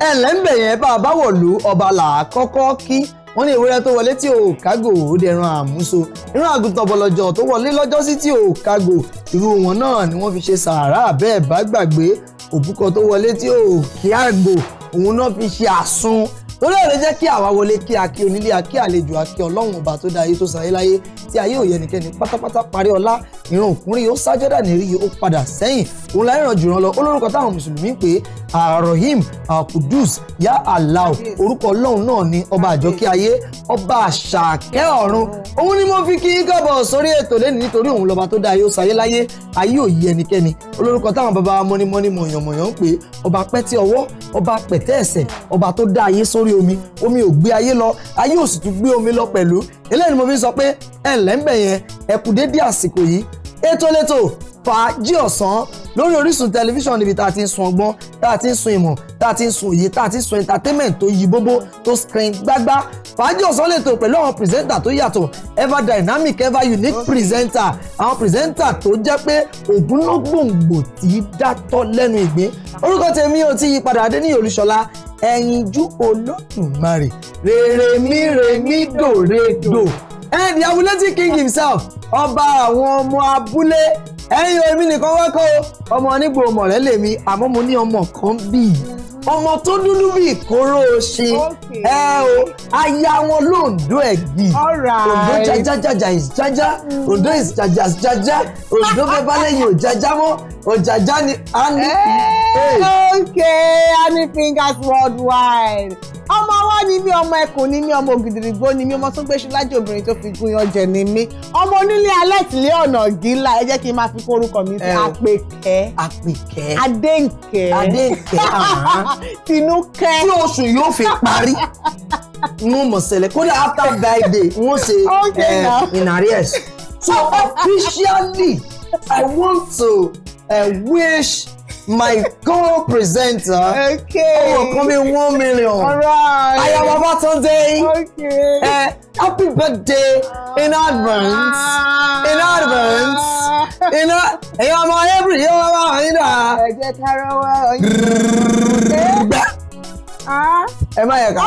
ẹ lẹ́ńbẹ̀ yẹn bá a bá wọ̀lú ọba là kí wọ́n ní ewúrẹ́ tó wọlé tí ò kágò àmúso irú àgùntàn bọlọjọ tó wọlé lọ́jọ́sí tí ò irú wọn náà ni wọ́n fi ṣe sàárà bẹ́ẹ̀ bá gbàgbé òbúkọ tó wọlé tí ò òun náà fi ṣe àsun lórí ọ̀rẹ́ jẹ́ kí àwa wọlé kí a kí onílé a kí àlejò a kí ọlọ́run ọba tó dá ayé tó sáyé láyé tí ayé òye ẹnikẹ́ni pátápátá parí ọlá ìran òkúnrí ó sájọ́dà nírí ó padà sẹ́yìn òun láìran jùrán lọ olórúkọ táwọn mùsùlùmí pé arahim kudus ya allah orúkọ ọlọ́run náà ni ọba àjọkẹ́ ayé ọba àṣàkẹ́ ọ̀run òun ni mo fi kí yín káàbọ̀ sórí ètò lẹ́nu nítorí òun lọ́ba tó dá ayé ó sayé láyé ayé òye ẹnikẹ́ni olórúkọ táwọn baba mọ́nímọ́ní mọ̀yànmọ̀yàn ń pè ọba pẹ́tí ọwọ́ ọba pẹ̀tẹ́ ẹ̀sẹ̀ ọba tó dá ayé sórí omi omi ò gbé ayé lọ ayé ò sì tún gbé omi lọ pẹ̀lú eléyìí ni mo fi sọ pé ẹ̀lẹ́ńbẹ̀ yẹn ẹ̀kú dédé àsìkò yìí ètò lẹ́tò fàájì ọ̀sán lórí Orísun tẹlifíṣàn níbi tá a ti ń sun ọgbọ́n tá a ti ń sun ìmọ̀ tá a ti ń sun òye tá a ti ń sun entertainment tó yí bóbó tó screen gbágbá fàájì ọ̀sán lẹ́tò pẹ̀lú àwọn pìrìsẹ́ńtà tó yàtọ̀ ever dynamic ever unique pìrìsẹ́ńtà àwọn pìrìsẹ́ńtà tó jẹ́ pé ògúnlógbòǹgbò tí í dátọ́ lẹ́nu ìgbín orúkọ tèmi ò ti yí padà Adéníyì Olúṣọlá ẹyinjú Olódùmarè rèrèmí rèmí dòrèdò and the Awulating king himself ọba àwọn ọmọ abúlé ẹ̀yin omi nìkan wákọ́ ọmọ onígbò mọ̀rẹ́ lèmi àmọ́ mo ní ọmọ kan bíi ọmọ tó dúdú bíi kóró ṣe ẹ o aya wọn lóńdó ẹgbì òǹdó jajajaja is jaja òǹdó is jaja is jaja òǹdó bẹbá lẹ́yìn òjaja mọ òjaja ni a okay honey fingers worldwide ọmọ ọwọ́ ni mí ọmọ ẹkùn ni mí ọmọ ògìdìrìgbò ni mí ọmọ tó gbéṣu lájẹ obìnrin tó fi gun ọjẹ ni mí ọmọ onílé alẹ́tìlé ọ̀nà gíla ẹ jẹ́ kí n máa fi kórúkọ mi sí apẹ̀kẹ́ apẹ̀kẹ́ adéǹkẹ́ adéǹkẹ́ tinúkẹ́ tí oṣù yóò fi parí wọn mọ̀ sẹ́lẹ̀ kódà after birthday wọn ṣe eh, in arrears so officially i want to uh, wish my co-presenter. okay. ọmọ kan bíi one million. am about today. okay. Uh, happy birthday uh, in advance. Uh, in advance. in You ẹ̀yin my every You wọ́n my. You know. Get her ká rọwọ́ ọyìn. ẹ má yẹ ká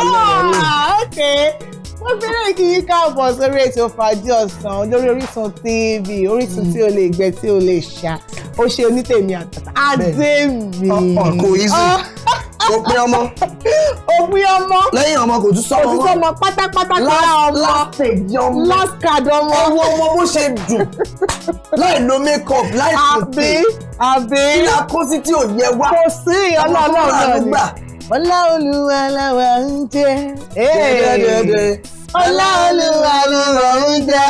okay wọ́n fẹ́rẹ̀ kí yín káàbọ̀ sórí ètò fàájì ọ̀sán lórí Orísun TV Orísun tí o lè gbẹ tí o lè ṣá ah, ah, o ṣe onítèmi àtàtà àdèmí. ọkọ ìzù òpin ọmọ. òpin ọmọ. lẹ́yìn ọmọ kò tún sọ́mọ. kò tún sọ́mọ pátápátá kára ọmọ. last stage ọmọ. last card ọmọ. ọwọ́ ọmọ bó ṣe dùn láì lo make up láì tètè. àbí àbí. kí ni a kó sí tí ò yẹ wá. kò sí ọlọ́ọ̀lọ́ọ̀ náà ni ọlá olúwa làwa ń jẹ ọlá olúwa làwa ń jẹ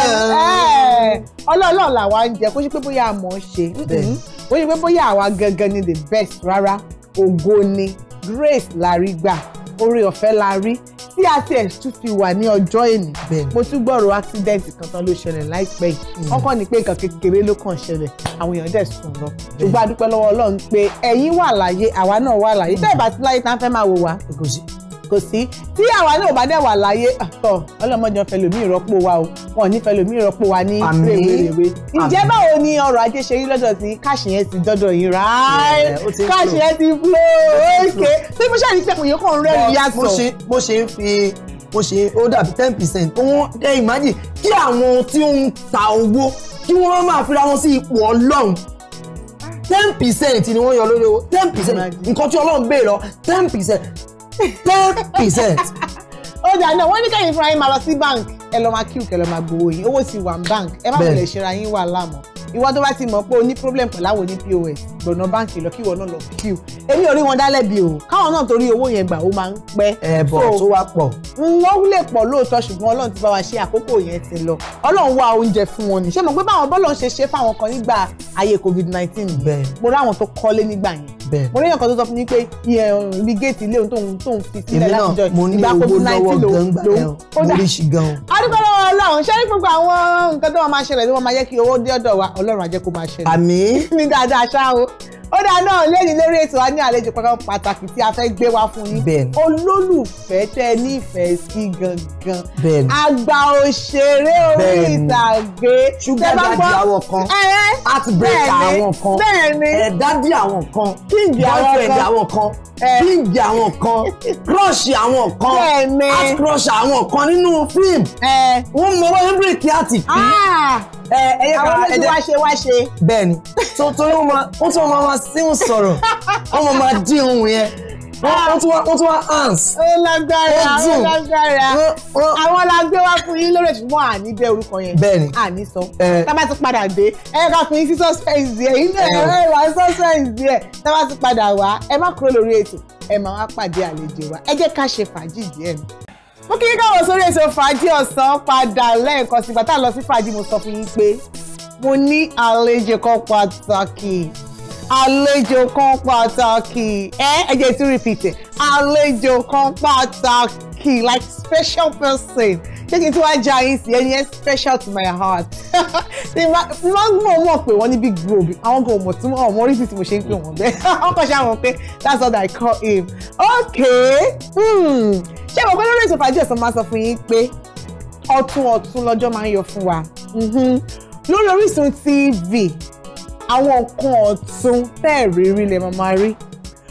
ọlọ́ọ̀lọ́ làwa ń jẹ kó ṣe pé bóyá a mọ̀ ọ́ ṣe kó ṣe pé bóyá àwa gangan ni the best rárá ògo ni grace la rí gbà oore ọ̀fẹ́ la rí tí a tiẹ̀ tún fi wà ní ọjọ́ èní mo tún gbọ́rọ̀ accident kan tán ló ṣẹlẹ̀ láìpẹ́ yìí hmm. wọ́n kàn ní pé nǹkan kékeré ló kàn ṣẹlẹ̀ àwọn èèyàn dẹ̀ sùn lọ ṣùgbọ́n a dúpẹ́ lọ́wọ́ Ọlọ́run pé ẹ̀yin wà láyé àwa náà wà láyé hmm. tẹ́ ẹ bá ti láyé tá a fẹ́ máa wò wá kò sí tí àwa náà bá dẹ̀ wà láyé ah, tọ̀ ọlọ́mọjọ́ fẹlòmí ìrọ́pò wa o wọn ò ní fẹlòmí ìrọ́pò wa ní rèwerèwe ǹjẹ́ báwo ni ọrọ̀ ajé ṣe rí lọ́dọ̀ tí káàṣì yẹn ti dọ́dọ̀ yín rà á káàṣì yẹn ti fúlò ókè tí mo ṣàní sẹ́kùn yìí kàn rẹ́ ìyá sọ. mo ṣe ń fi mo ṣe ó dàbí ten percent òun ẹ imagine kí àwọn tí ó ń ta owó kí wọ́n máa fira wọn sí ipò ọlọ́run ten percent ni wọ́n yọ lórí owó ten percent nǹkan tí ọlọ́run béèrè lọ ten percent ten percent. ó dà náà wọ́n ní kẹ́yìn fúnra yín máa lọ sí bank ẹ lọ máa kíw kẹ lọ máa gbowó yín owó ti wà ní bank ẹ má wọlé ṣera yín wà láàmú ìwọ tó bá ti mọ̀ pé o ní problem pẹ̀lú àwọn oní pos gbọ̀nà báǹkì lọ kí ìwọ náà lọ kíw èmi ò rí wọn dálẹ́bi o káwọn náà torí owó yẹn gbà ó máa ń pẹ́. ẹ̀bọ̀ tó wá pọ̀. wọ́n lè pọ̀ lóòótọ́ ṣùgbọ́n ọlọ́run ti bá wa ṣe àkókò yẹn ti lọ ọlọ́run wá oúnjẹ fún wọn ni ṣé mo gbé báwọn bọ́lọ̀ ń ṣe ṣe fáwọn kan nígbà ayé covid-19 bẹ́ẹ̀ mo ráwọn tó kọ́lé nígbà yẹn mo rí ọ̀kan tó sọ fún mi pé iye um, ibi géètì ilé òun tóun fi sílẹ̀ láti jọ ìgbà kó fún náìtì lòun kódà adúgbò lọ́wọ́ ọlọ́run ṣé ní gbogbo àwọn nǹkan tó wọn máa ṣẹlẹ̀ tó wọn máa yẹ kí owó dé ọ̀dọ̀ wa ọlọ́run á jẹ́ kó máa ṣẹlẹ̀ àmín ní dáadáa ṣáá o ó dáa náà lẹ́yìn lórí ètò a ní àlejò kankan pàtàkì tí a fẹ́ gbé wá fún yín bẹ́ẹ̀ni olólùfẹ́ tẹ nífẹ̀ẹ́ sí gangan bẹ́ẹ̀ni àgbà òṣèré orí ìtàgé ṣùgbọ́n dádì àwọn kan heartbreak àwọn kan dádì àwọn kan kíngì àwọn kan kíngì àwọn kan crush àwọn kan heart crush àwọn kan nínú fíìmù wọ́n mọ wọ́n ń bírèkì àti fi ẹyẹ kan ẹdẹ àwọn méjì wá ṣe wá ṣe. bẹ́ẹ̀ni tó torí wọn máa wọn tún máa máa tí ń sọ̀rọ̀ wọ́n máa máa dín ohun yẹn wọ́n tún wá hands. ó lágbára ó lágbára àwọn la wá fún yín lórí ìtumọ̀ àní bẹ́ orúkọ yẹn bẹ́ẹ̀ni àní sọ tábà ti padà dé ẹ ká fún yín sí suspense yẹn ilé ẹ̀rọ ìwà suspense tábà ti padà wá ẹ má kúrò lórí ètò ẹ máa wá pàdé àlejò wa ẹ jẹ́ ká ṣe fàájì díẹ̀ nù mo kí ká wọ sórí ètò fàájì ọ̀sán padà lẹ́ẹ̀kan sígbà tá a lọ sí fàájì mo sọ fún yín pé mo ní àlejò kan pàtàkì àlejò kan pàtàkì ẹ ẹ jẹ́ tún repeat it àlejò kan pàtàkì like special person ṣé kí n tún wá já yín sí ẹni yẹn special to my heart ní máa ń gbọ́ mọ̀ pé wọ́n ní big bro bí àwọn kan mọ̀ tí wọ́n ọmọ orí tí mo ṣe ń pè wọ́n bẹ́ẹ̀ wọ́n kàn ṣàwọn pé that's all that I call him okay hmm. ṣé mo pé lórí ètò fàájì ẹ̀sán máa sọ fún yín pé ọ̀tun ọ̀tun lọ́jọ́ máa ń yọ fún wa mhm. lórí Orísun TV àwọn nǹkan ọ̀tun tẹ́ẹ̀rí rí lè máa máa rí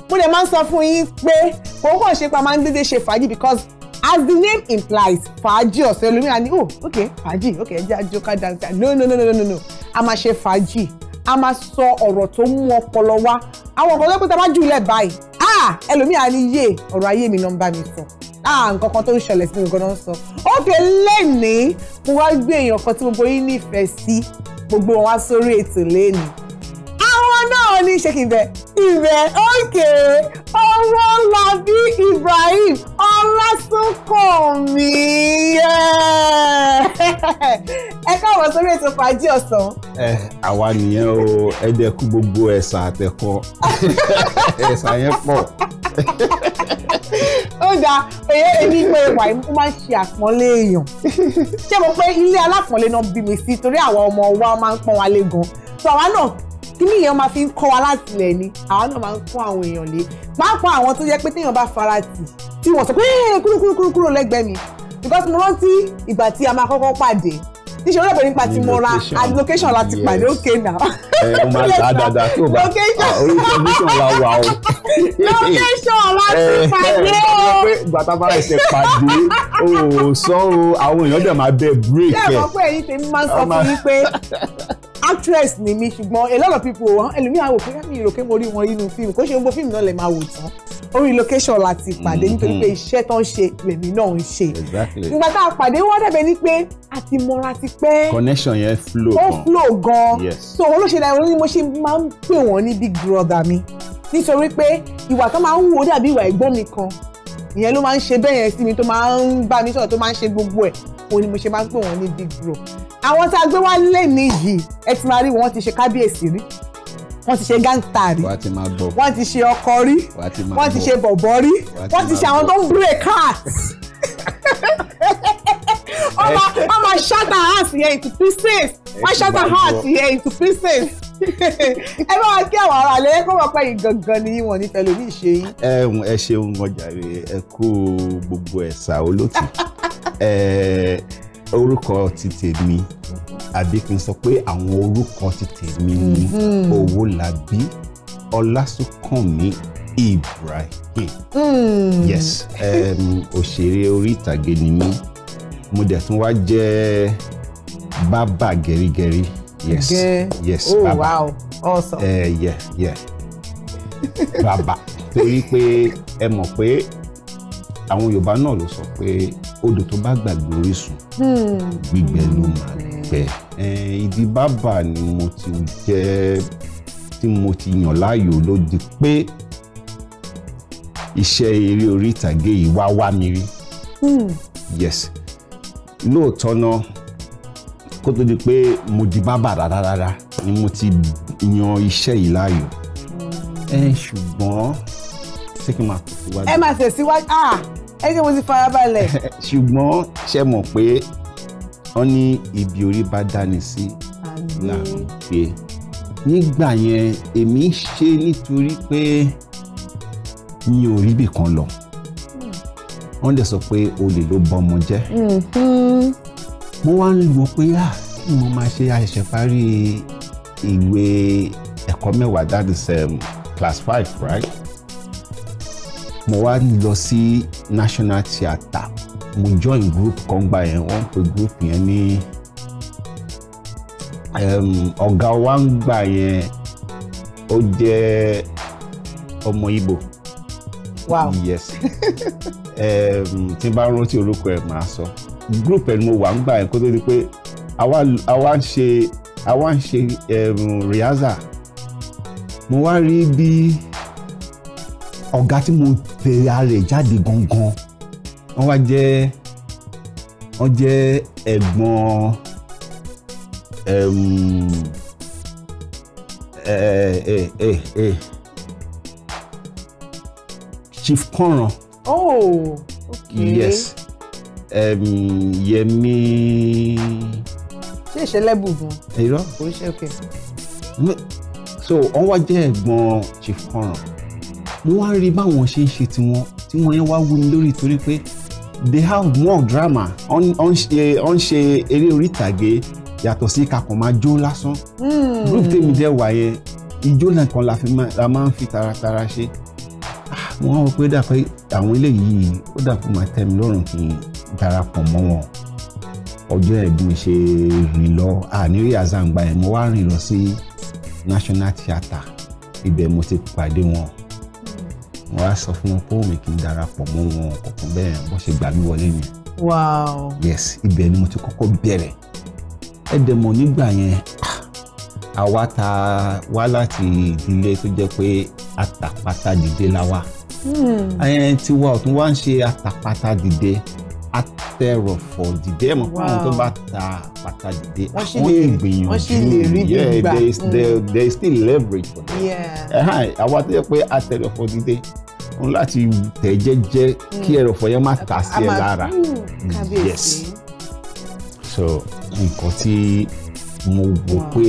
mo dẹ̀ máa ń sọ fún yín pé kò kàn ṣe pa máa ń dédé ṣe fàájì because as the name implies fàájì ọ̀sẹ̀ olómìnira ni oh ok fàájì ok ẹ jẹ́ àjọká dáadáa no no no no no no a máa ṣe fàájì a máa sọ ọ̀rọ̀ tó mú ọpọlọ wá àwọn ọ̀pọ̀lọpọ̀ pé tá a bá jù lẹ̀ báyìí ah ẹlòmíà ni yé ọ̀rọ̀ ayé mi náà ń bá mi sọ ah nǹkan kan tó ń ṣẹlẹ̀ sí mi gan-an sọ ok lẹ́nìí mo wá gbé èèyàn kan tí gbogbo yín nífẹ̀ẹ́ sí gbogbo wọn wá sórí ètò lẹ́nìí náà ní ṣe kí n bẹ ìbẹ òkè Ọmọlábí Ibrahim Ọlásùnkànmí ẹ káwọ sórí ètò fàájì ọ̀sán. ẹ àwa nìyẹn o ẹ dẹ̀ kú gbogbo ẹ̀sán àtẹ̀kọ ẹ̀sán yẹn pọ̀ ó dáa èyí èmi pé ìwà ìmú máa ń ṣe àpọ́nlé èèyàn ṣé mo pé ilé alápọ̀nlé náà bí mi sí torí àwọn ọmọ wa máa ń pọ́n wa lé gan so àwa náà kíní yẹn máa fi ń kọ́ wa láti ilẹ̀ ni àwọn náà máa ń kọ́ àwọn èèyàn lé pàápàá àwọn tó yẹ pé téèyàn bá fara tì tí wọ́n sọ pé kúrò kúrò kúrò lẹ́gbẹ̀ẹ́ mi because mo rántí ìgbà tí a máa kọ́kọ́ pàdé níṣẹ́ olóògbé nípa ti mọ ra àti location láti pàdé òkè náà. ẹ o máa ta dada tó bá ah, location la wà o. location láti pàdé o. pé gbàtàbà ẹsẹ̀ pàdé o sọ o àwọn èèyàn dẹ̀ máa bẹ break ẹ̀. ṣé ẹ mọ̀ pé èyí tèmi máa ń sọ fún yín pé actress ni mi ṣùgbọ́n a lot of people wọn ẹlòmíràn wò pé mi ìròkè mo rí wọn inú fíìmù kó ṣe gbogbo fíìmù náà lè máa wò tán orí location láti pàdé mm-hmm. nítorí pé iṣẹ́ tó ń ṣe lèmi náà ń ṣe nígbà tá a pàdé wọ́n dẹ̀bẹ̀ ni pé a ti mọra ti pẹ́ connection yẹn flow gan ó flow gan so òun ló ṣe dáa ni mo ṣe máa ń pè wọ́n ní big brother mi nítorí pé ìwà tó máa ń wò dàbí ìwà ẹ̀gbọ́n mi kan ìyẹn ló máa ń ṣe bẹ́ẹ̀ yẹn sí mi tó máa ń bá mi sọ̀rọ̀ tó máa ń ṣe gbogbo ẹ̀ òun ni mo ṣe máa ń pè wọ́n ní big bro àwọn tá a gbé wá lé ní yìí ẹ ti máa rí wọn ti ṣe kábíyèsí rí wọ́n ti ṣe gáńtà rí wọ́n ti ṣe ọkọ rí wọ́n ti ṣe bọ̀bọ̀ rí wọ́n ti ṣe àwọn tó ń break heart wọ́n máa shatter heart yẹn into pieces wọ́n shatter heart yẹn into pieces ẹ bá wa kí àwọn ará lẹ́yìn kó wọ́n pẹ́ yìí gangan ni wọ́n ní pẹ̀lú bí ìṣe yín. ẹ ẹ ṣeun ọjà rẹ ẹ kú gbogbo ẹ̀sà olótì orúkọ ti tèmi àbí kí n sọ pé àwọn orúkọ ti tèmi ni mhm. Owólabí Ọlásùnkànmí Ibrahim hmm. yes òṣèré orí ìtàgé ni mí mo dẹ̀ tún wá jẹ́ bábà gẹ̀rígẹ̀rí yes yes oh, bàbá wow. awesome. uh, yeah, yeah. bàbá torí pé ẹ mọ̀ pé àwọn Yorùbá náà ló sọ pé odò tó bá gbàgbé orísun hmm. gbígbẹ ló máa gbẹ hmm. ìdí bàbà ni mo ti jẹ tí mo ti yàn láàyò ló di pé iṣẹ́ eré orí ìtàgé yìí wá wá mi rí hmm. yes lóòótọ́ náà kó tó di pé mo di bàbà rárá ni mo ti yan iṣẹ́ yìí láàyò ṣùgbọ́n ṣé kí n máa tẹ̀síwájú. ẹ máa tẹ̀síwájú ah ẹ ṣe mo ti farabalẹ̀. ṣùgbọ́n ṣe mọ̀ pé wọ́n ní ibi orí bá dání sí là ń pè nígbà yẹn èmi ṣe nítorí pé mi ò ríbì kan lọ hmm. wọ́n dẹ̀ sọ pé olè ló bọ́ ọmọ jẹ́ mm-hmm. mo wá ń wo pé à ah, mo máa ṣe àṣẹ̀ṣẹ̀ parí ìwé ẹ̀kọ́ mẹ́wàá that is um, class five right mo wá lọ sí national theatre mo join group kan gba yẹn wọ́n pe group yẹn ní ọ̀gá wa ń gbà yẹn ó jẹ́ ọmọ Ìgbò wow yes um, tí n bá rántí orúkọ ẹ̀ máa sọ group ẹ̀ ni mo wà ń gbà yẹn kó tó di pé àwa ń ṣe àwa ń ṣe rehearsal mo wá rí bí ọ̀gá tí mo tẹ̀ra rẹ̀ jáde gangan wọ́n wá jẹ́ wọ́n jẹ́ ẹ̀gbọ́n Chief Kànràn. oh okay yes um, Yẹmi. ṣé ìṣẹ̀lẹ̀ bùbùn. irọ́ oríṣi ok. so wọ́n wá jẹ́ ẹ̀gbọ́n Chief Kànràn mo wá rí báwọn ṣe ń ṣe tiwọn tí wọ́n yẹn wá wú lórí torí pé they have more drama ọ̀n ṣe eré orí ìtàgé yàtọ̀ sí kakọ̀ máa jó lásán hmm. group tèmi dẹ̀ wà yẹn ijó nìkan la máa ń fi taratara ṣe ah, wọ́n rò pé dàpẹ́ àwọn eléyìí ó dàpọ̀ máa tẹ́ mi lọ́rùn kí n darapọ̀ mọ́ wọn ọjọ́ ẹ̀dùn ṣe rìn lọ àníri àzàǹgbà ẹ̀ mo wá rìn lọ sí national theatre ibẹ̀ mo ti pàdé wọn wọ́n á sọ fún wọn pé òun kì í darapọ̀ mọ́ wọn kọ̀ọ̀kan bẹ́ẹ̀ bó ṣe gbà mí wọlé ni. wow. yes ibẹ̀ ni mo ti kọ́kọ́ bẹ̀rẹ̀ ẹ dẹ̀ mọ̀ nígbà yẹn àwa ta wá láti ìdílé tó jẹ́ pé àtàpátá dìde la wà. ayẹyẹ hmm. tiwa ọ̀tún wá ń ṣe àtàpátá dìde atẹrọfọ dìde ẹ mọ̀ pé àwọn tó bá ta pátá dìde àwọn ìgbìyànjú yeah there is mm. there, there is still leverage for them àwa tó yẹ pé atẹrọfọ dìde òun láti tẹ̀ jẹ́jẹ́ kí mm. ẹrọ̀fọ̀ yẹn má ta sí ẹ lára yes so nǹkan tí mo wò pé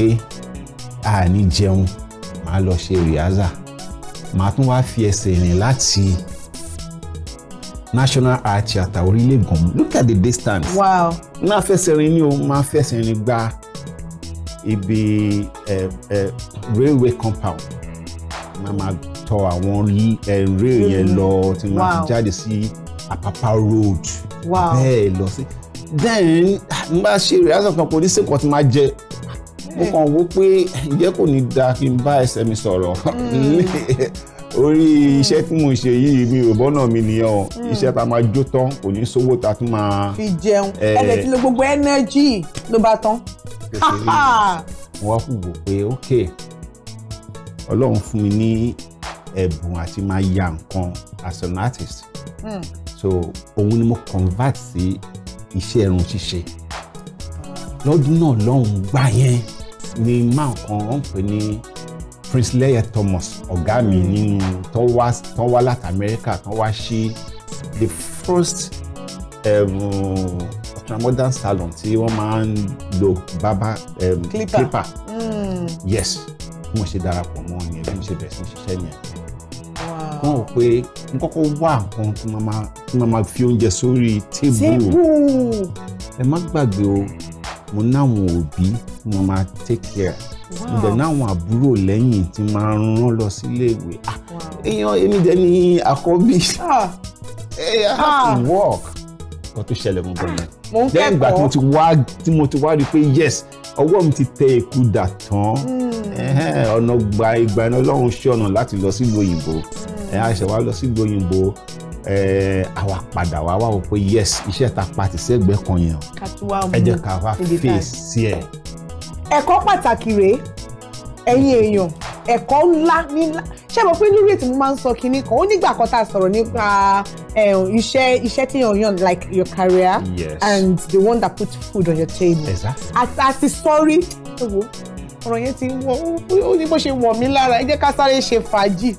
a ní jẹun màá lọ ṣe rìhásà màá tún wá fi ẹsẹ̀ rìn láti national art theatre orílẹ̀-ègùn look at the distance. wow. náà fẹsẹ̀ rin ní o máa fẹsẹ̀ rin gba ibi ẹ ẹ railway compound máa máa tọ àwọn ẹ rail yẹn lọ tí máa fi jáde sí Apapa road bẹ́ẹ̀ lọ sí then n bá ṣe rehearsal kan kò ní sèkọ́ tí máa jẹ mo kàn wò pé ǹjẹ́ kò ní da kí n bá ẹsẹ̀ mi sọ̀rọ̀ hmm. orí iṣẹ́ tí mò ń ṣe yìí mi ò bọ́nà mi nìyẹn o hmm. iṣẹ́ tá a máa jó tán kò ní sówó tá a tún máa. fi jẹun ẹlẹ eh. tí lo gbogbo ẹnẹjì ló bá tán. wọ́n kù wò pé ok ọlọ́run fún mi ní ẹ̀bùn àti máa ya nǹkan as an artist mm. so òun ni mo convert sí iṣẹ́ ẹ̀rùn ṣíṣe lọ́dún náà lọ́hùn-ún gbà yẹn ni máa kàn án pè ní Prinsleye Thomas ọ̀gá mi nínú tán wá tán wá láti Amẹ́ríkà tán wá ṣe the first um, ultramodern salon tí wọ́n máa ń lo bàbá um, clipper, hmm. yes bí wọ́n ṣe darapọ̀ mọ́ ni ẹbí mi ṣe bẹ̀rẹ̀ sí ṣiṣẹ́ yẹn wọ́n rò pé n kọ́kọ́ wá nǹkan tí wọ́n máa fi oúnjẹ sórí tébù ẹ má gbàgbé o mo náwọn òbí tí máa take care ibẹ̀ náwọn àbúrò lẹ́yìn tí máa ń rán lọ sílé ìwé ah, èèyàn èmi dẹ̀ ni àkọ́bí ah, eh, I have to ah. work nǹkan tó ṣẹlẹ̀ mọ́ bọ́ọ̀lù yẹn lẹ́yìn ìgbà tí mo ti wá tí mo ti wá rí i pé yes ọwọ́ mi ti tẹ èkú dà tán hmm. ọ̀nà gba ìgbà iná ọlọ́run ṣe ọ̀nà láti lọ sílùú òyìnbó àṣẹ hmm. wa lọ sílùú òyìnbó àwa padà wá wá wò pé yes iṣẹ́ ta pa ti sẹ́gbẹ́ kan yẹn ẹ jẹ́ ká wá fèsì ẹ̀ ẹ̀kọ́ pàtàkì rèé ẹ̀yin èèyàn ẹ̀kọ́ ńlá nílá ṣé mo pé lórí ètò mo máa ń sọ kinní kan ó nígbà kan tá a sọ̀rọ̀ nípa eh, iṣẹ́ iṣẹ́ tí yàn yàn like your career yes. and the one that puts food on your table exactly. as a story ọ̀rọ̀ yẹn ti wọ ó ní bó ṣe wọ̀ mí lára ẹ jẹ́ ká sáré ṣe fàájì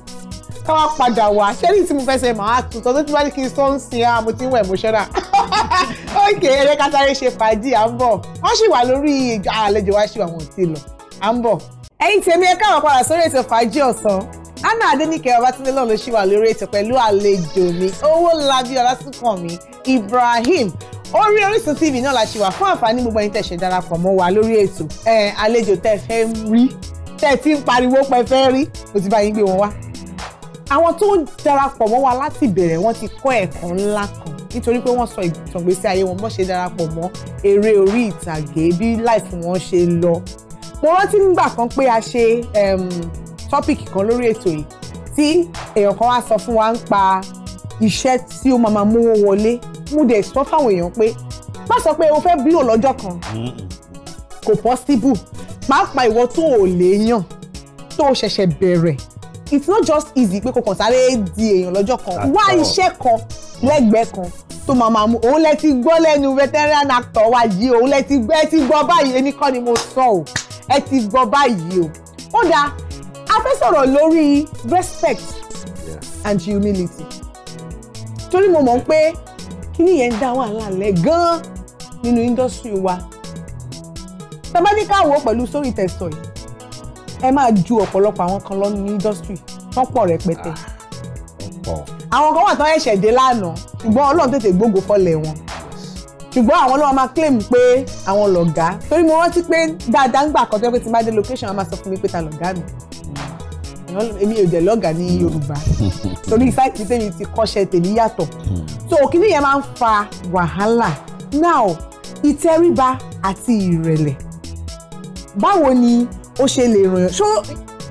káwá padà wá ṣẹ́ni tí mo fẹ́ sẹ́ màá tutọ́ tó ti wá ní kí n sọ́ǹsì á ah, mo ti ń wọ ẹ̀mọ́ṣẹ́rà òkè eré kátàrí ṣe fàájì à ń bọ̀ wọ́n sì wà lórí àlejò wa ṣì wà wọ́n lọ à ń bọ̀. ẹ̀yin tèmi ẹ káwọn padà sórí ètò fàájì ọ̀sán anna adéníkẹ́ ọbátúndé náà ló ṣì wà lórí ètò pẹ̀lú àlejò mi owólabí ọlásùnkànmí ibrahim orí orísun tv náà la ṣì wà fún àǹfààní gbogbo ẹ̀yin tẹ̀sẹ̀ darapọ̀ mọ́ wa lórí ètò àlejò tẹ́ fẹ́ rí tẹ́ ti ń pariwo pẹ́ fẹ́ rí mo ti bá yín gbé wọn wá àwọn tó ń darapọ̀ mọ́ wa láti bẹ̀rẹ̀ wọ́n ti kọ́ ẹ̀kọ́ ńlá kan nítorí pé wọ́n sọ ìtàngbésí ayé wọn bó ṣe darapọ̀ mọ́ eré orí ìtàgé bí láìfù wọn ṣe lọ. mo rántí nígbà kan pé a ṣe tọ́pìkì kan lórí ètò yìí tí èèyàn kan wá sọ fún wa ń pa iṣẹ́ tí ó máa mówó wọlé mo dẹ̀ sọ fáwọn èèyàn pé má sọ pé o fẹ́ blow lọ́jọ́ kan kò possible pàápàá ìwọ tó ò léèyàn tó ṣẹ̀ṣẹ̀ bẹ̀rẹ̀ it's not just easy pé kò kàn sáré di èèyàn lọ́jọ́ kan wá iṣẹ́ kan lẹ́gbẹ̀ẹ́ kan tó máa máa mú òun lẹ ti gbọ́ lẹ́nu veteran actor wa yìí òun lẹ ti gbọ́ ẹ ti gbọ́ báyìí èmi kọ́ ni mo sọ o ẹ ti gbọ́ báyìí o ó dáa a fẹ́ sọ̀rọ̀ lórí respect and humility torí mo mọ̀ pé kíní yẹn ń dá wàhálà lẹ̀ gan-an nínú industry wa tàbá ní káwọ́ pẹ̀lú sórí tẹ̀sán yìí ẹ máa ju ọ̀pọ̀lọpọ̀ àwọn kan lọ ní industry wọ́n pọ̀ rẹpẹtẹ. Ah, wọ́n pọ̀ àwọn kan wà tán ẹ̀ṣẹ̀ dé lánàá ṣùgbọ́n ọlọ́run tètè gbógo fọlẹ̀ wọn ṣùgbọ́n àwọn ọlọ́run máa claim pé àwọn lọ̀gá torí mo rántí pé dáadáa ń gbà kan tó yẹ pé ti máa dé location wọn máa sọ fún mi pé ta lọ̀gá mi èmi ò dẹ̀ lọ́gà ní yorùbá torí sáìtì tèmi ti kọ́ṣẹ́ tèmi yàtọ̀ hmm. so òkìní yẹn máa ń fa wàhálà now ìtẹríba àti ìrẹ̀lẹ̀ báwo ni ó ṣe lè ràn yàn ṣó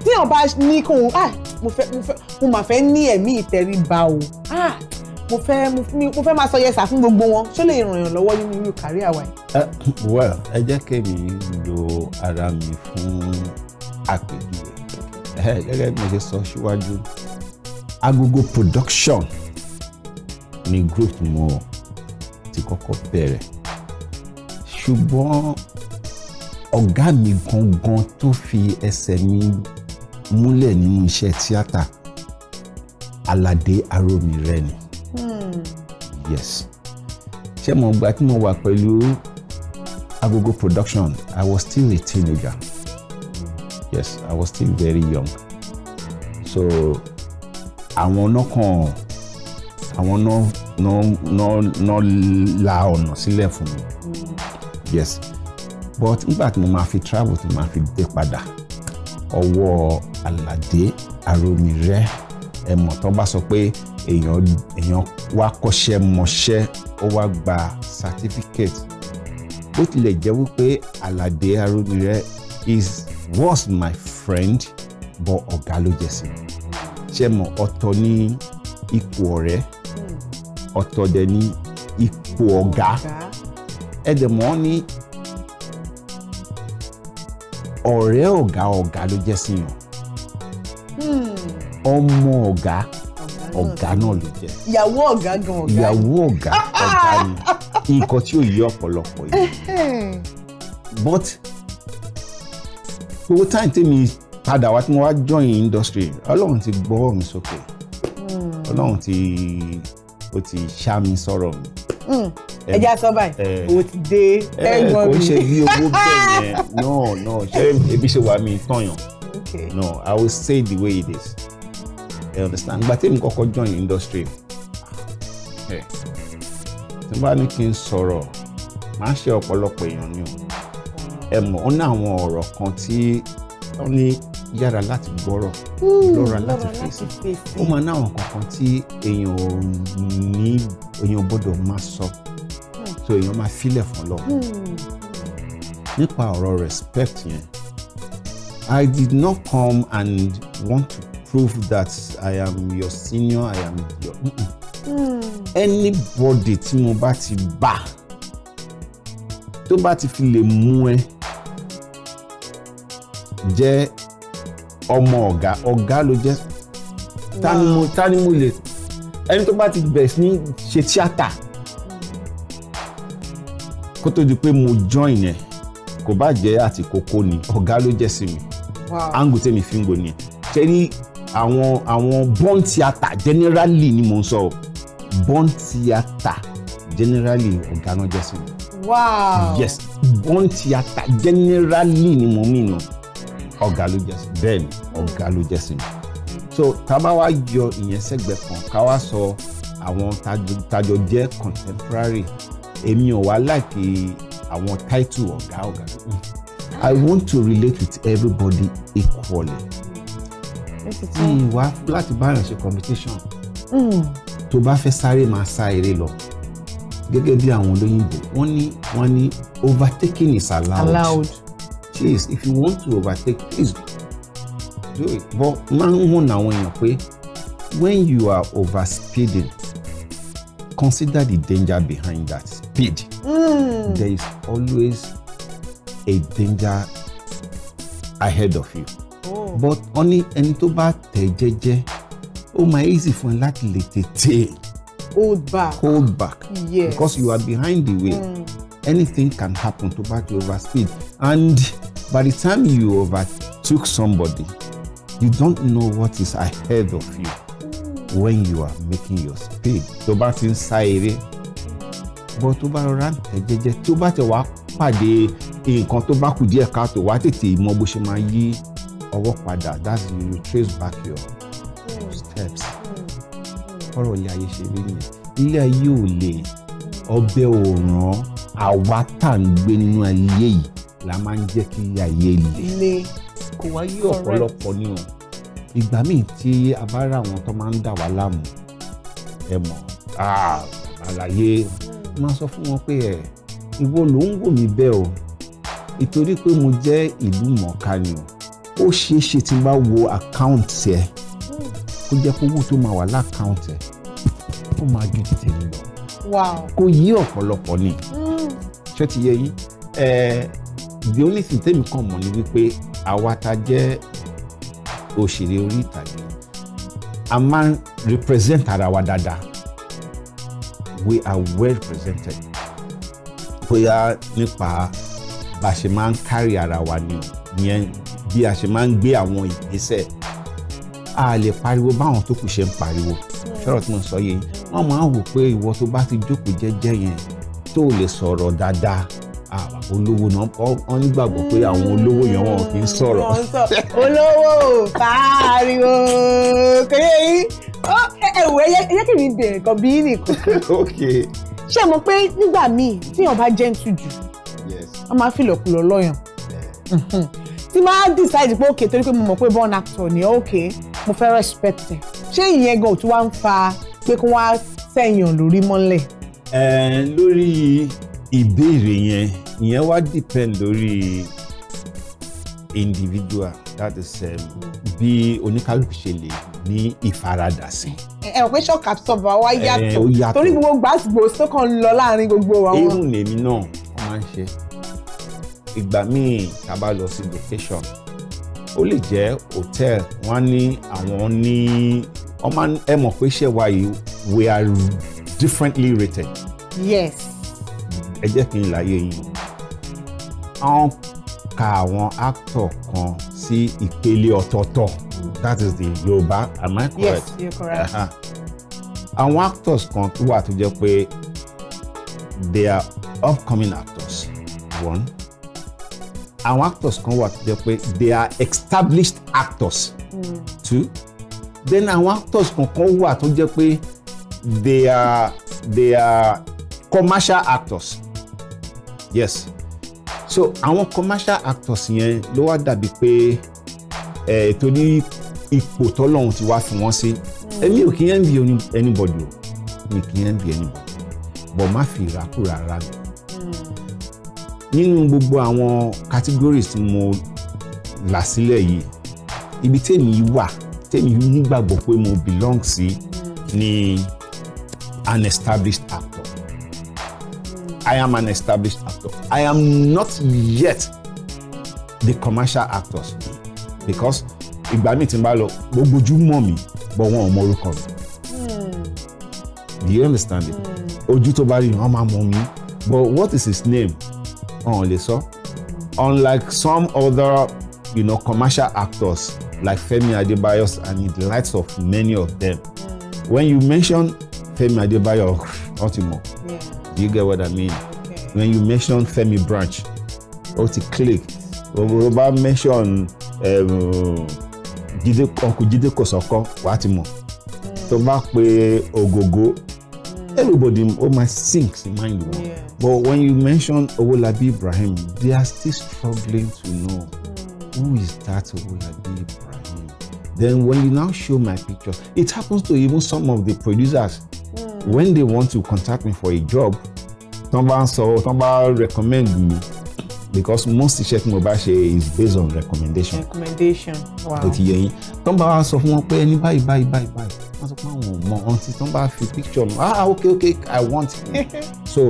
téèyàn bá ní kó o ah mo fẹ́ mo fẹ́ mo mà fẹ́ ní ẹ̀mí ìtẹríba o ah mo fẹ́ mo fẹ́ máa sọ yẹsà fún gbogbo wọn ṣó lè ràn yàn lọ́wọ́ nínú irú kárí àwa yìí. Eh, well ẹ jẹ́ kémi lo ara mi fún àpèjúwe eh, gẹ́gẹ́ bí mo ṣe sọ síwájú agogo production ni group mo ti kọ́kọ́ bẹ̀rẹ̀ ṣùgbọ́n ọ̀gá mi gangan tó fi ẹsẹ̀ mi múlẹ̀ nínú iṣẹ́ tíátà Aládé Arómirẹ́ni hmm. yes ṣé mo gba tí mo wà pẹ̀lú Agogo production I was still a teenager yes I was still very young so àwọn náà kàn àwọn náà la ọ̀nà sílẹ̀ fún mi hmm. yes but nígbà tí mo máa fi travel tí mo máa fi dé padà ọwọ́ Àlàdé Arómiré ẹ mọ̀ tán bá sọ pé èèyàn èèyàn wá kọ́ṣẹ́ mọṣẹ́ ó wá gba certificate bó tilẹ̀ jẹ́ wípé Àlàdé Arómiré is was my friend bọ ọ̀gá ló jẹ́ sí ṣe mọ̀ ọ̀tọ̀ ní ipò ọ̀rẹ́ ọ̀tọ̀ dẹ̀ ní ipò ọ̀gá ẹ dẹ̀ ní ọ̀rẹ́ ọ̀gá ọ̀gá ló jẹ́ sí yàn hmm. ọmọ ọ̀gá ọ̀gá náà ló jẹ́ ìyàwó ọ̀gá gan ọ̀gá ni nǹkan tí ò yí ọ̀pọ̀lọpọ̀ yìí but owó táyì tèmi padà wá tí mo wá join industry ọlọ́run ti gbọ́ mi sókè hmm. ọlọ́run ti ó ti ṣá mi sọ̀rọ̀ mi. Hmm. ẹja sọ báyìí o ti dé ẹ̀gbọ́n mi. kò ń ṣe bí owó bẹ́ẹ̀ yẹn náà náà ṣe ebi ṣe wà mí tọ̀yàn no i will say the way it is you understand gba tèmi kọ́kọ́ join industry tí bá ní kí n sọ̀rọ̀ máa ṣe ọ̀pọ̀lọpọ̀ èèyàn ni o ẹ mọ̀ ó ní àwọn ọ̀rọ̀ kan tí ó ní yára láti gbọ́rọ̀ lọ́ra láti fèsì ó máa náwọn kankan tí èèyàn ò ní èèyàn gbọ́dọ̀ máa sọ hmm. so èèyàn máa filẹ̀ fún lọ hmm. nípa ọ̀rọ̀ respect yẹn I did not come and want to prove that I am your senior I am your mm -mm. Mm. anybody tí mo bá ti bá tó bá ti fi lè mú ẹ jẹ́ ọmọ ọ̀gá ọ̀gá ló jẹ́ ta mo ta ni mo lè ẹni tó bá ti bẹ̀rẹ̀ ní ṣe tíátà kó tó di pé mo join ẹ̀ kò bá jẹ́ àti kókó ni ọ̀gá ló jẹ́ sí mi angu tèmi fi ń gbò nìyẹn ṣe ní àwọn àwọn born theatre generally ni mo ń sọ born theatre generally ọ̀gá náà jẹ́ sí mi wow yes born theatre generally ni mo mìíràn ọ̀gá ló jẹ́ sí bẹ́ẹ̀ ni ọ̀gá ló jẹ́ sí so tá bá wá yọ ìyẹn sẹ́gbẹ̀ẹ́ kan ká wá sọ àwọn tajọ jẹ́ contemporary èmi ò wá láìkí àwọn title ọ̀gá ọ̀gá I want to relate with everybody equally ìwà láti báyọ̀ ṣe competition tó bá fẹ́ sáré máa sá eré lọ gẹ́gẹ́ bí àwọn olóyìnbó wọ́n ní wọ́n ní overtaking is allowed. allowed please if you want to overtake please do it but máa ń wọ̀n àwọn èèyàn pé when you are overspeeding consider the danger behind that speed mm. there is always a danger ahead of you oh. but only ní ẹni tó bá tẹ̀ jẹ́jẹ́ ó máa easy fún ẹ láti lè tètè hold back hold back yes because you are behind the wheel mm. anything can happen tó bá ti overspeed and By the time you overtook somebody, you don't know what is ahead of you when you are making your speed. tó bá ti ń sá eré bọ́ tó bá rọra tẹ̀ jẹ́jẹ́ tó bá tẹ̀ wá pàdé nǹkan tó bá kù díẹ̀ káàtó wá tètè mọ bó ṣe máa yí ọwọ́ padà that's you trace back your steps. ọ̀rọ̀ ilé ayé ṣe rí nìyẹn ilé ayé ò lè ọbẹ̀ òòràn àwa tá nínú ayé yìí la máa ń jẹ́ kí ayé le kó wá yí ọ̀pọ̀lọpọ̀ ni o ìgbà míì tí a bá rà wọn tó máa ń dà wá láàmú ẹ mọ̀ àlàyé máa sọ fún wọn pé ẹ ìwọ ló ń wò mí bẹ́ẹ̀ o ìtorí pé mo jẹ́ ìlú mọ̀ọ́ká ni o ó ṣeé ṣe tí n bá wo àkáǹtì ẹ kó jẹ́ kó wù tó máa wà láàkáǹtì ẹ ó máa ju tètè lọ kó yí ọ̀pọ̀lọpọ̀ ni mm. ṣé ti yẹ yín the only thing tèmi kàn mọ̀ ni wípé àwa ta jẹ́ òṣèré orí ìtàgé a máa ń represent ara wa dáadáa we are well represented bóyá nípa bá a ṣe máa ń kárí ara wa ni ìyẹn bí a ṣe máa ń gbé àwọn ìgbésẹ̀ a lè pariwo báwọn tó kù ṣe ń pariwo ṣọ́rọ̀ tí mo sọ yìí wọ́n máa ń wò pé ìwọ tó bá ti jókòó jẹ́jẹ́ yẹn tó lè sọ̀rọ̀ dáadáa olówó náà wọ́n nígbàgbọ́ pé àwọn olówó yẹn wọn kì í sọ̀rọ̀. olówó pariwo kéré yín ẹwù ẹyẹ kì í bẹ̀rẹ̀ kan bí nìkan. ṣé mo pé nígbà míì tíyàn bá jẹ́ ntújù wọ́n máa fi lọ̀kulọ̀ lọ́yàn tí máa decide pé okay torí pé mo mọ̀ pé born actor ni okay mo fẹ́ respect ẹ̀ ṣé ìyẹn gan òtún wá ń fa pé kí wọ́n á sẹ̀yàn lórí mọ́lẹ̀. lórí ìbéèrè yẹn ìyẹn wá depend lórí individual that is um, bí oníkálukú ṣe lè ní ìfaradà sí. ẹ ẹ pé shock absorber wa yàtọ̀ torí gbogbo gbàgbó tó kàn ń lọ láàrin gbogbo àwọn. irun lèmi náà máa ń ṣe ìgbà míì tá bá lọ sí vacation ó lè jẹ́ hotel wọ́n ní àwọn ní wọ́n máa ń ẹ mọ̀ pé iṣẹ́ wa yìí we are differently rated. yes. ẹ jẹ́ kí n láyé yín wọ́n ka àwọn actor kan sí ìpele ọ̀tọ̀ọ̀tọ̀ that is the Yorùbá am I correct? yes you're correct. àwọn actors kan tó wà tó jẹ́ pé they are upcoming actors one àwọn actors kan wà tó jẹ́ pé they are established actors mm. two then àwọn actors kankan wà tó jẹ́ pé they are they are commercial actors yes so àwọn commercial actors yẹn ló wá dàbí pé ẹ torí ipò tọ́lọ́hún ti wá fún wọn sí èmi ò kí envy anybody o mi kì í envy anybody but má fi ìràkúrà ara mi nínú gbogbo àwọn categories tí mo là sílẹ̀ yìí ibi tèmi wà tèmi nígbàgbọ́ pé mo belong sí ni an established actor I am an established actor. I am not yet the commercial actors because ìgbà mi ti ń bá lọ gbogbo ojú mọ̀ mi but wọn ò mọ orúkọ mi hmm. do you understand it hmm. ojú tó bá rí wọn máa mọ̀ mi but what is his name wọn ò lè sọ hmm. unlike some other you know, commercial actors like Femi Adebayo and the likes of many of them when you mention Femi Adebayo ọtí mọ do you get what I mean when you mention Femi Branch ó ti click o bá mention Jídé ọkùn Jídé Kòsọ́kọ́ wàá ti mọ̀ tó bá pe Ògògó mm. everybody ó máa sink mind wọn yeah. but when you mention Owolabi Ibrahim they are still struggling to know mm. who is that Owolabi Ibrahim then when you now show my picture it happens to even some of the producers mm. when they want to contact me for a job tán bá ń sọ tán bá recommend mi because most iṣẹ́ tí mo bá ṣe is based on recommendation. recommendation wow tó ń bá wa sọ fún wọn pé ẹni báyìí báyìí báyìí báyìí wọ́n sọ pé àwọn ò mọ ọ̀hún tí tó ń bá fi picture mi ah ok ok i want it so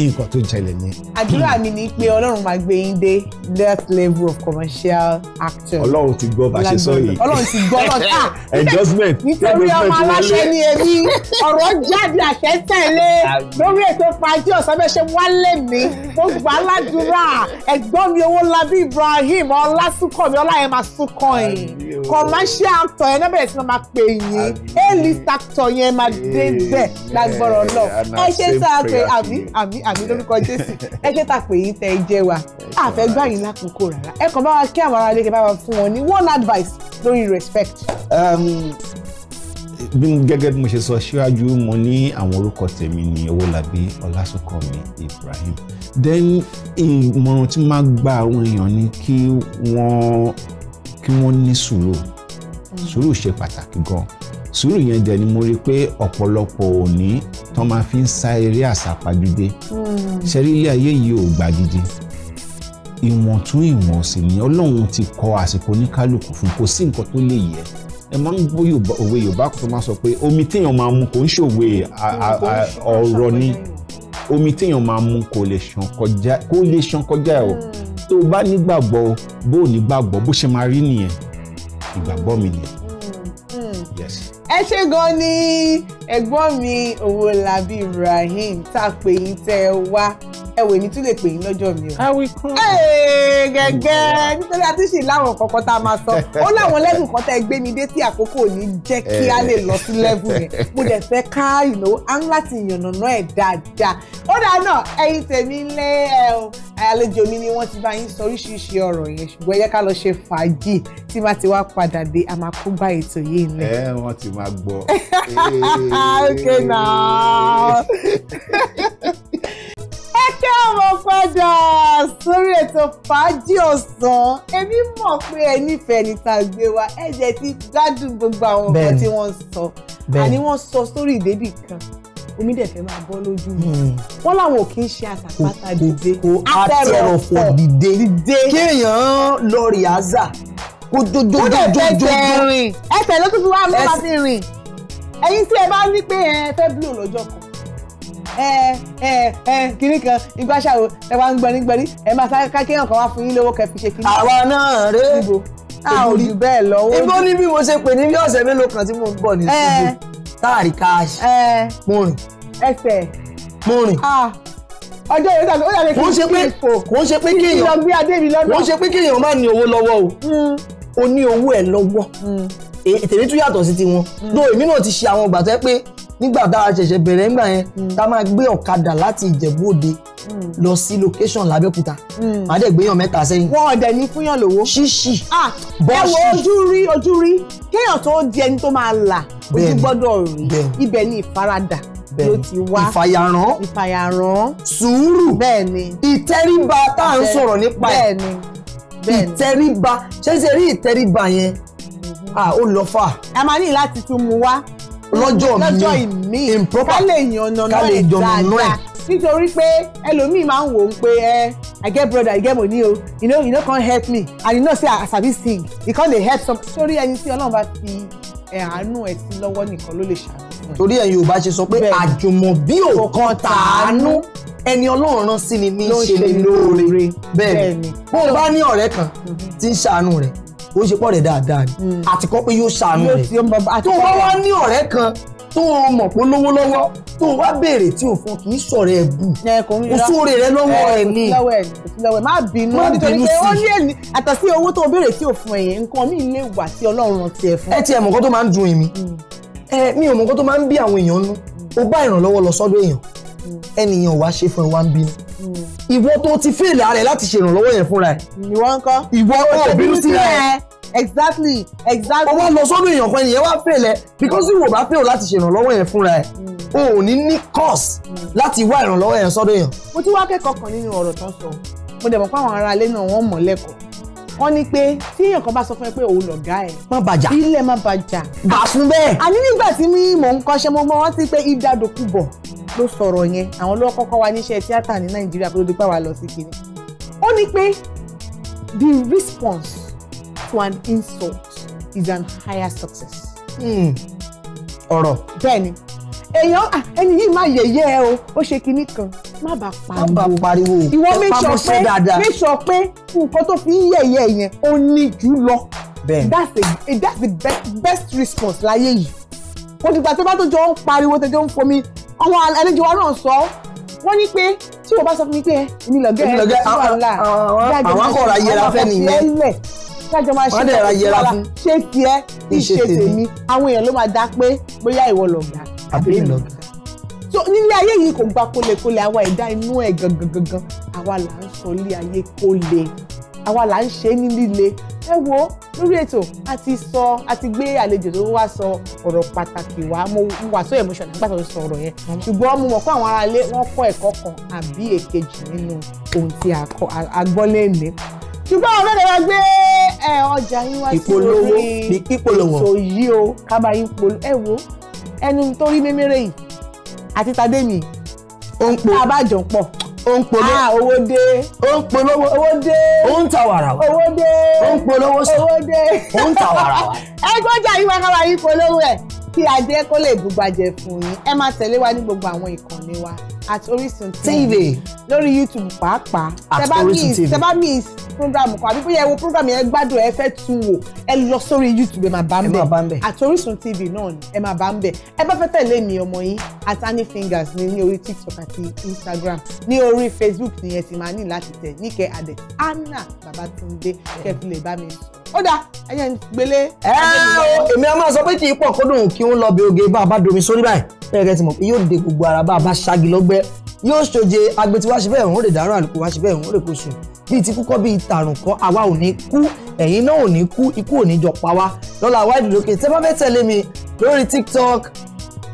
nǹkan tó jẹlẹ̀ ni. àdúrà mi ni pé ọlọ́run máa gbé yín dé that level of commercial actors. ọlọ́run ti gbọ́ bá ṣe sọ yìí. ọlọ́run ti gbọ́ náà tà. Ah, endorsement nítorí ọmọ aláṣẹ ni èmi ọ̀rọ̀ jáde àtẹ́tẹ̀lé lórí ètò fàájì ọ̀sánbẹ́sẹ̀ wálé mi mo gbà ládùúrà ẹ̀gbọ́n mi owó labí Ibrahim ọlásùnkànmí ọláyẹmà sùnkàn yìí commercial oríṣiríṣi actor yẹn náà bẹ̀rẹ̀ sí máa pè yín A-list actor yẹn máa dé bẹ́ẹ̀ lágbọ́rọ̀ lọ ẹ ṣe tá a pè àmì àmì àmì lórúkọ Jésù ẹ ṣe tá a pè yín tẹ ẹ jẹ wa àfẹ́ gbà yín lákòókò rárá ẹ kàn bá wa kí àwọn ará ilé kẹ bá wa fún wọn ní one advice lórí respect. Um, bí gẹ́gẹ́ bí mo ṣe sọ síwájú mo ní àwọn orúkọ tèmi ní Owólabí Ọlásùnkànmí Ibrahim then ìmọ̀ràn tí máa gba àwọn èèyàn ni kí wọ́n kí wọ́n ní sùúrù Mm. sùúrù ṣe pàtàkì gan sùúrù yẹn dẹ̀ ni mo rí i pé ọ̀pọ̀lọpọ̀ òní tán máa fi ń sa eré àsápajúdé mm. ṣẹ́rí ilé ayé yìí ò gbà gidi ìwọ̀n tún ìwọ̀n sì ni ọlọ́run ti kọ àsìkò oníkálukú fún kò sí nǹkan tó lè yẹ ẹ máa ń gbọ́ òwe yorùbá kò tó máa sọ pé omi téèyàn máa mu kò ń ṣòwe ọ̀rọ̀ ni omi téèyàn máa mu kò lè ṣàn kọjá kò mm. tó o bá nígbàgbọ́ bó o nígbàgbọ́ bó ṣe máa rí nìyẹn ìgbàgbọ́ mi ni. Mm, mm. ẹ ṣe gan ni ẹ̀gbọ́n mi Owólabí Ibrahim tá a pè ẹ wá ẹ wò èmi tún lè pè yín lọ́jọ́ mi o. àwìn kan. gẹ́gẹ́ nítorí a ti ṣì láwọn kọ̀ọ̀kan tá a máa sọ ó láwọn lẹ́gùn kan tẹ́ gbé mi dé tí àkókò ní jẹ́ kí a lè lọ sí lẹ́gùn yẹn eh. mo dẹ̀ fẹ́ ká ìnáwó á ń láti yànnàná ẹ̀ dáadáa ó dáa náà ẹ̀yin tèmi lé ẹ o àlejò mi ni wọ́n ti bá yín sọ oríṣiríṣi ọ̀rọ̀ yẹn ṣùgbọ́n ẹ jẹ́ ká lọ ṣe fàájì tí má ti wá padà dé a máa kó gbá ètò yìí lẹ. ẹ eh, wọ́n ti máa gbọ́. Eh. okay now. káàbọ̀ padà sórí ètò fàájì ọ̀sán èmi mọ̀ pé ẹ nífẹ̀ẹ́ ní tàgbé wa ẹ jẹ́ ti gbádùn gbogbo àwọn nǹkan tí wọ́n sọ àní wọ́n sọ sórí ìdébì kan omi dẹ̀ fẹ́ máa bọ́ lójú mi hmm. wọ́n làwọn ò kí ń ṣe àtàpátá dìde àtẹ̀rọ̀fọ̀ dìde kéèyàn lọ rìhásà kó jójójójójó ẹsẹ̀ ló tún fi wá mú wá sí rìn ẹ̀yin tí ẹ bá ní pé ẹ fẹ́ blue lọ́jọ́ kan ẹ ẹ ẹ kiri kan igbá ṣàwò ẹ wá ń gbẹrin gbẹrin ẹ máa kákẹ́ hàn kan wá fún yín lówó kẹ́ fi ṣe kiri. àwa náà rè é a ò jù bẹ́ẹ̀ lọ́wọ́. ibo ni bí mo ṣe pè ní bí ọ̀sẹ̀ mélòó kan tí mo ń bọ̀ ní ṣubú táàrí káàṣì mo rìn. ẹsẹ̀ mo rìn. ọjọ́ yóò dàgbé ó dàgbé kí n fò kò ń ṣe pé kéèyàn kò ń ṣe pé kéèyàn má ní owó lọ́wọ́ o hmm. o ní owó ẹ̀ lọ́wọ́ hmm. tèmi tún yàtọ̀ sí tiwọn lóò hmm. èmi náà ti ṣe àwọn ìgbà tó yẹ pé nígbà tá a ṣẹ̀ṣẹ̀ bẹ̀rẹ̀ ńgbà yẹn hmm. tá a máa gbé ọ̀kadà láti ìjẹ̀bú òde hmm. lọ sí location làbẹ́òkúta hmm. màá dẹ̀ gbéyàn mẹ́ta sẹ́yìn. wọn ọ̀dẹ̀ ní fúnyàn lówó. ṣíṣì ah, bọ́ọ̀ṣì ẹ wo ojú rí ojú rí kéèyàn tó di ẹni tó máa là ojú gbọ́dọ̀ rí ibẹ̀ ni ìfaradà ló ti wá ìfàyàrán ìfàyàrán sùúrù ìtẹríba tá à ń sọ̀rọ̀ nípa ẹ̀ ìtẹríba ṣé ṣe rí ìtẹríba yẹn ah, ó lọ fà. a máa ní láti tún mu wá lọ́jọ́ mi improper ká lè yànnà náà ẹ̀ dáadáa nítorí pé ẹlòmíì máa ń wò ó pé ẹ eh, i get brother i get money o you know you no come help me and you know say ah, i sabi sing you come dey help some. torí ẹni tí ọlọ́run bá fi eh, àánú ẹ̀ sí lọ́wọ́ nìkan ló lè ṣàánú. torí ẹ̀ yorùbá ṣe sọ pé àjùmọ̀bí ò kan tàánú ẹni ọlọ́run rán sí ni ní í ṣe lóore bẹ́ẹ̀ ni bó o bá ní ọ̀rẹ́ kan mm-hmm. tí ń ṣàánú rẹ̀ kò ń ṣe pọ̀ rẹ̀ dáadáa ni àti hmm. kọ́ pé yóò ṣàánú rẹ̀ tó wá wá ní ọ̀rẹ́ kan tó o mọ̀ pé lówó lọ́wọ́ tó o wá béèrè tí o fún kì í sọ̀rọ̀ ẹ̀ bù o sóore rẹ lọ́wọ́ ẹ̀ ni má bínú nítorí pé ó ní èlì àtọ̀ sí owó tó o béèrè tí o fún ẹ̀yìn nǹkan mi lè wà sí ọlọ́run ti ẹ̀ fún. ẹ ti ẹ̀ mọ̀ tó máa ń dùn èmi hmm. mi ò mọ̀ nǹkan tó máa ń bí àwọn èèyàn nú hmm. o bá ìrànlọ́wọ́ lọ sọ́dọ̀ èèyàn ẹnìyàn wa ṣe fún ẹ wá ń bínú ìwọ tó ti fèèlì ara ẹ láti ṣèrànlọ́wọ́ yẹn fúnra ẹ. ìwọ ń kọ́ ìwọ ò bínú sí exactly exactly. ọwọ́ lọ sọ́dọ̀ èèyàn kan ènìyàn wá fèèlẹ̀ because hmm. ìwọ bá fèèlò láti ṣèrànlọ́wọ́ yẹn fúnra ẹ̀ hmm. o ò ní ní cause hmm. láti wá ìrànlọ́wọ́ yẹn sọ́dọ̀ èèyàn. mo ti wá kẹ́kọ̀ọ́ kan nínú ọ̀rọ̀ tán sọ mo dẹ̀ mọ̀ pé àwọn aráalé náà wọ́n mọ̀ lẹ́kọ̀ọ́ wọ́n ní pé tí èèyàn kan bá sọ fún ẹ pé òun lọ̀gá ẹ̀. má bàjá ilé má bàjá. bà bẹ́ẹ̀. àní nígbà tí mi mò ń kọ́ṣẹ́ mo mọ wọ́n ti pé ìdádòkú bọ̀ ló sọ̀rọ̀ yẹn àwọn ló kọ́kọ́ wá níṣẹ́ tíátà ní nàìjíríà kó ló di pa wá lọ sí kínní ó ní pé the response to an insult is an higher success. Hmm. ọ̀rọ̀ bẹ́ẹ̀ ni èèyàn ẹni yìí máa yẹ̀yẹ́ o ó ṣe kinní kan má bàa pariwo má bàa pariwo ìwọ méṣọ pé méṣọ pé nǹkan tó fi ń yẹ̀yẹ́ yẹn ó ní jù lọ that's the that's the best, best response láyé yìí kò dìgbà tó bá tó jọ ń pariwo tó jọ ń fomi àwọn àlejò wa náà sọ wọ́n ní pé tí o bá sọ fún mi pé èmi lọ̀gẹ́ ẹ̀ ẹ̀ wà ńlá àwọn akọ̀rọ̀ ayẹra fẹ́ nìyẹn kájọ máa ṣe ìwà ìwà ṣe tiẹ̀ tí ṣe tèmi àwọn èèyàn ló máa dá pé bóyá ìwọ lọ̀gá àbí mi lọ̀gá so nílé ayé yìí kò gba kólekóle àwa ẹ̀dá inú ẹ̀ gangan gangan àwa là ń sọ ilé ayé kólé àwa là ń ṣe é ní líle ẹ wo lórí ètò àti sọ àti gbé àlejò tó wá sọ ọ̀rọ̀ pàtàkì wá mo wà so emotional nígbà tó ń sọ ọ̀rọ̀ yẹn mm-hmm. ṣùgbọ́n mo mọ̀ pé àwọn aráalé wọ́n kọ́ ẹ̀kọ́ kan àbí èkejì nínú ohun tí a gbọ́ lẹ́ẹ̀ni ṣùgbọ́n ọ̀rọ̀ rẹ̀ wá gbé ọjà yín wá sí orí ètò yìí o kábàáyí polówó ẹ wo ẹnu tó rí méméré yìí àti tàdé mi ó ń po àbájọ pọ̀ ó ń polówó. a ah, owó dé. ó ń polówó. owó dé. ó ń ta wàràwà. owó dé. ó ń polówó sọ. owó dé. ó ń ta wàràwà. ẹ gbọ́dọ̀ àyíwá káwa yìí polówó ẹ̀ kí adé kó lè bùgbàjẹ́ fún yín ẹ máa tẹ̀lé wa ní gbogbo àwọn ìkànnì wa at Orisun TV lórí YouTube pàápàá at Orisun TV tẹ́bá miss program kan àbí bóyá ẹ wo program yẹn gbádùn ẹ fẹ́ tún wò ẹ lọ sórí YouTube ẹ máa bá ń bẹ̀ at Orisun TV náà ni ẹ máa bá ń bẹ̀ ẹ bá fẹ́ tẹ̀lé mi ọmọ yín at any Fingers ni ní orí TikTok àti Instagram ní orí Facebook nìyẹn ti máa ní láti tẹ̀ níkẹ́ adẹ̀ Anna Babatunde kẹ́ẹ̀ fi lè bá mi sọ ó dáa ẹyẹ ń gbélé. ẹ ẹ èmi a máa sọ pé kì í pọ̀ kó dùn kí n lọ bí oge bá a bá domi sórí báyìí bẹ́ẹ̀ ti mọ̀ pé yóò de gbogbo ara bá a bá ṣáàgì lọ́gbẹ́ yóò ṣoje agbetí wá ṣe bẹ́ẹ̀ òun rè dáràn àlùkò wá ṣe bẹ́ẹ̀ òun rè kó sùn bíi ti kúkọ́ bíi tààrùn kan àwa ò ní kú ẹ̀yin náà ò ní kú ikú ò ní jọ pa wá lọ́la wáìdì lókè tẹ́ bá fẹ́ tẹ̀lé mi lórí tiktok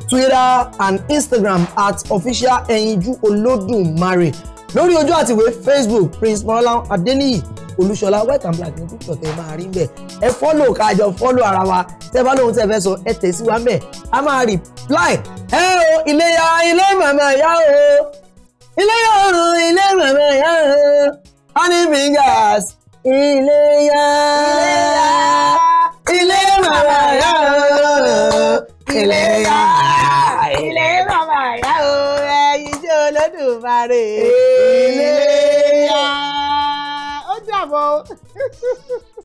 twitter and instagram at official ẹyinjú olódùmarè lórí ojú àtiwé facebook prince mọ́lá adéníyì olúṣọlá white and black ní pípọ̀ tẹ máa rí ń bẹ̀ ẹ fọ́lò kájọ fọ́lò ara wa tẹ bá lóhun tẹ fẹ́ sọ ẹ tẹ̀ sí wa ń a máa reply ẹ o iléyá ilé màmá ìyá o iléyá ọ̀run ilé màmá ìyá o honey fingers iléyá ilé màmá ìyá o iléyá ilé olódùmarè ilé yá ó dàbọ̀.